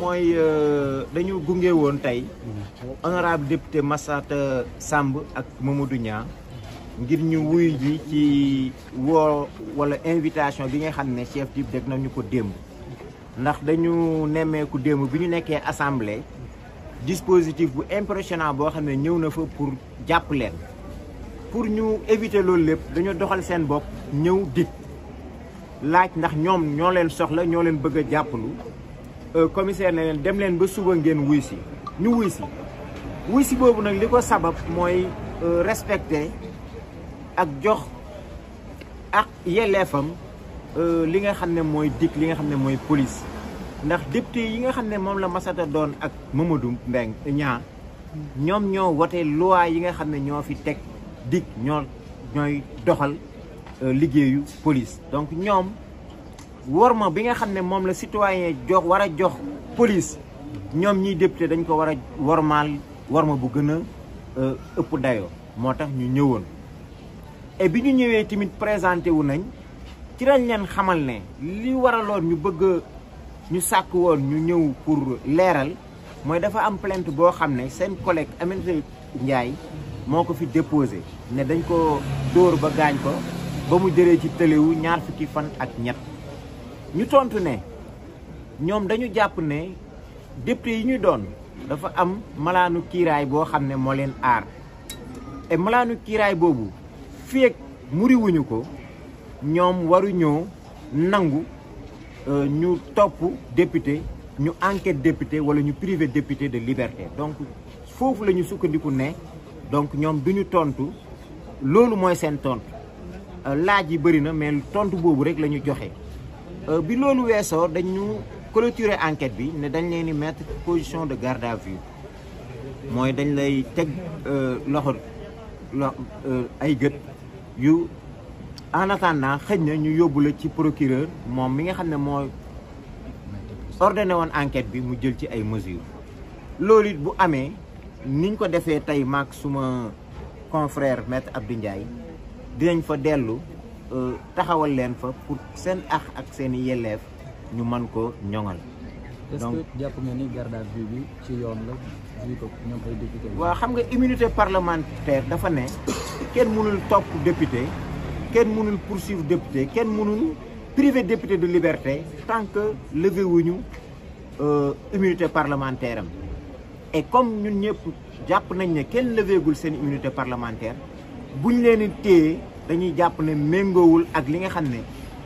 mooy euh, dañu gunge woon tey honorable député Massata sàmb ak Mamadou Niang ngir ñu wuy ji ci woo wala invitation bi ngay xam ne chef dib dégg nañu ko démb ndax dañu nemmeeku démb bi ñu nekkee assemblée dispositif bu impressionnant boo xam ne ñëw na fa pour jàpp leen pour ñu éviter loolu lépp dañu doxal seen bopp ñëw dig laaj ndax ñoom ñoo leen soxla ñoo leen bëgg a jàppalu Euh, commissaire ne leen dem leen ba suba ngeen wuy si ñu wuy si wuy si boobu nag li ko sabab mooy euh, respecter ak jox ak yelleefam euh, li nga xam ne mooy dikk li nga xam ne mooy police ndax député yi nga xam ne moom la Massata doon ak Mamadou Mbeng ñaa ñoom ñoo wote loi yi nga xam ne ñoo fi teg dikk ñoo ñooy doxal liggéeyu police donc ñoom worma bi nga xam ne moom la citoyen jox war a jox police ñoom ñiy député dañ ko war a wormaal worma bu gën a euh, ëpp dayoo moo tax ñu ñëwoon et bi ñu ñëwee tamit présenté wu nañ ci lañ leen xamal ne li waraloon ñu bëgg ñu sàkk woon ñu ñëw pour leeral mooy dafa am plainte boo xam ne seen collègue Aminata njaay moo ko fi déposé ne dañ ko dóor ba gaañ ko ba mu jëlee ci tëlewu ñaar fukki fan ak ñett ñu tontu ne ñoom dañu jàpp ne député yi ñuy doon dafa am malaanu kiiraay boo xam ne moo leen aar malaanu kiiraay boobu fii ak muriwuñu ko ñoom waruñoo nangu euh, ñu topp député ñu enquête député wala ñu privé député de liberté donc foofu la ñu sukkandiku ne donc ñoom duñu tontu loolu mooy seen tontu euh, laaj yi bëri na mais tontu boobu rek la ñu joxe. Euh, bi loolu weesoo dañu clôturer enquête bi ne dañ leen di mettre position de garde à vue mooy dañ lay teg euh, loxo lo euh, ay gët yu en attendant xëj na ñu yóbbu la ci procureur moom mi nga xam ne moo ordonné woon enquête bi mu jël ci ay mesures loolu it bu amee niñ ko defee tey maak suma confrère maître Abdou Ndiaye dinañ fa dellu taxawal leen fa pour seen ax ak seen i yelleef ñu mën ko ñoŋal. donc jàpp nga ni garde à ci yoon la ko ñoom ay député. waaw xam nga immunité parlementaire dafa ne kenn mënul topp député kenn mënul poursuivre député kenn mënul priver député de liberté tant que levé wuñu euh, immunité parlementaire am. et comme ñun ñëpp jàpp nañ ne kenn levé gul seen immunité parlementaire buñ leen téye. dañuy jàpp ne méngoowul ak li nga xam ne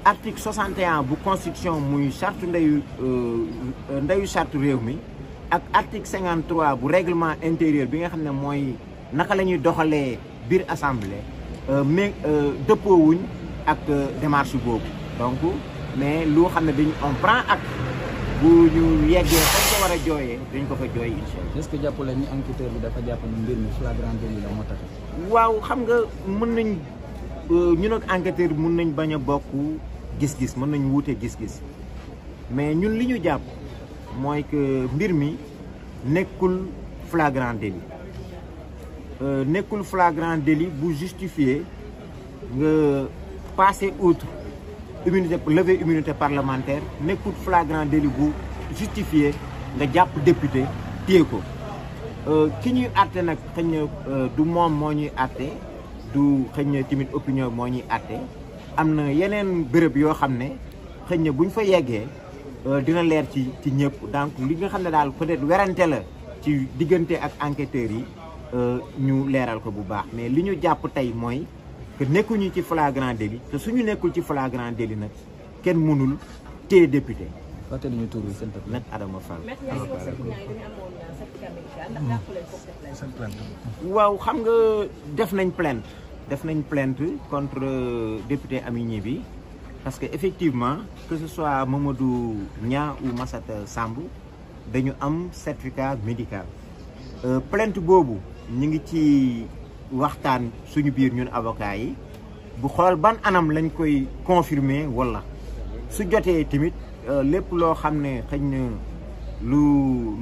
article 61 bu constitution muy charte ndeyu euh, ndeyu charte réew mi ak article 53 bu réglement intérieur bi nga xam ne mooy naka la ñuy doxalee biir assemblée euh, mais euh, dëppoo wuñ ak démarche boobu donc mais loo xam ne dañu on prend ak bu ñu yeggee fañ ko war a jooyee dañ ko fa jooy incha allah. que jàpp la ni bi dafa jàpp ni mbir mi flagrant délit la moo tax. waaw xam nga mën nañ Euh, ñu nag enquêteur mun nañ bañ a bokk gis-gis mën nañ wuute gis-gis mais ñun li ñu jàpp mooy que mbir mi nekkul flagrant délit euh, nekkul flagrant délit bu justifié nga passer outre immunité lever immunité parlementaire nekkul flagrant délit bu justifié nga jàpp député téye ko euh, ki ñuy àtte nag xëy na du moom moo ñuy àtte du xëy na tamit opinion moo ñuy àtte am na yeneen béréb yoo xam ne xëñ na buñ fa yeggee euh, dina leer ci ci ñëpp donc li nga xam ne daal peut-être werante la ci diggante ak enquêteurs yi euh, ñu leeral ko bu baax mais li ñu jàpp tey mooy que nekkuñu ci flagrant délit te suñu nekkul ci flagrant délit nag kenn mënul téye député. waaw te ñu tur bi Adama Fall. Mm-hmm. waaw xam nga def nañ plainte def nañ plainte contre député Amigné bi parce que effectivement que ce soit Mamadou Nia ou Massata Samb dañu am certificat médical euh, plainte boobu ñu ngi ci waxtaan suñu biir ñun avocat yi bu xool ban anam lañ koy confirmer wala su jotee tamit euh, lépp loo xam ne xëñ na lu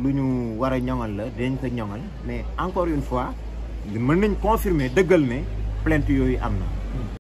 lu ñu war a ñoŋal la dañ ko ñoŋal mais encore une fois mën nañ confirmer dëggal ne plainte yooyu am na